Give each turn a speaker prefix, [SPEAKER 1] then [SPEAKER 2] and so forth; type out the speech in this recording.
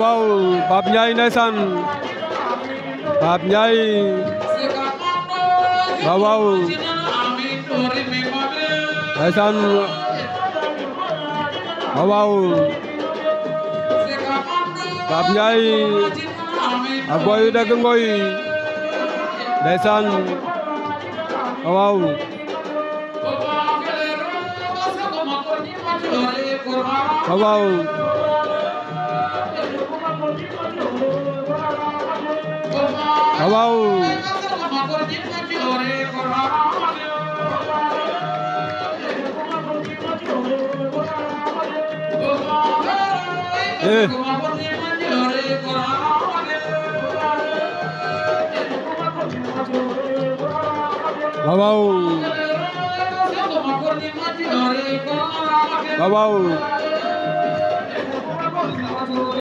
[SPEAKER 1] waaw Pape Ndiaye ndeysaan Pape Ndiaye waaw waaw ndeysaan waaw waaw Pape Ndiaye ak boyu dëgg ngoy ndeysaan waaw waaw waaw waaw Eh. Hello.
[SPEAKER 2] Hello.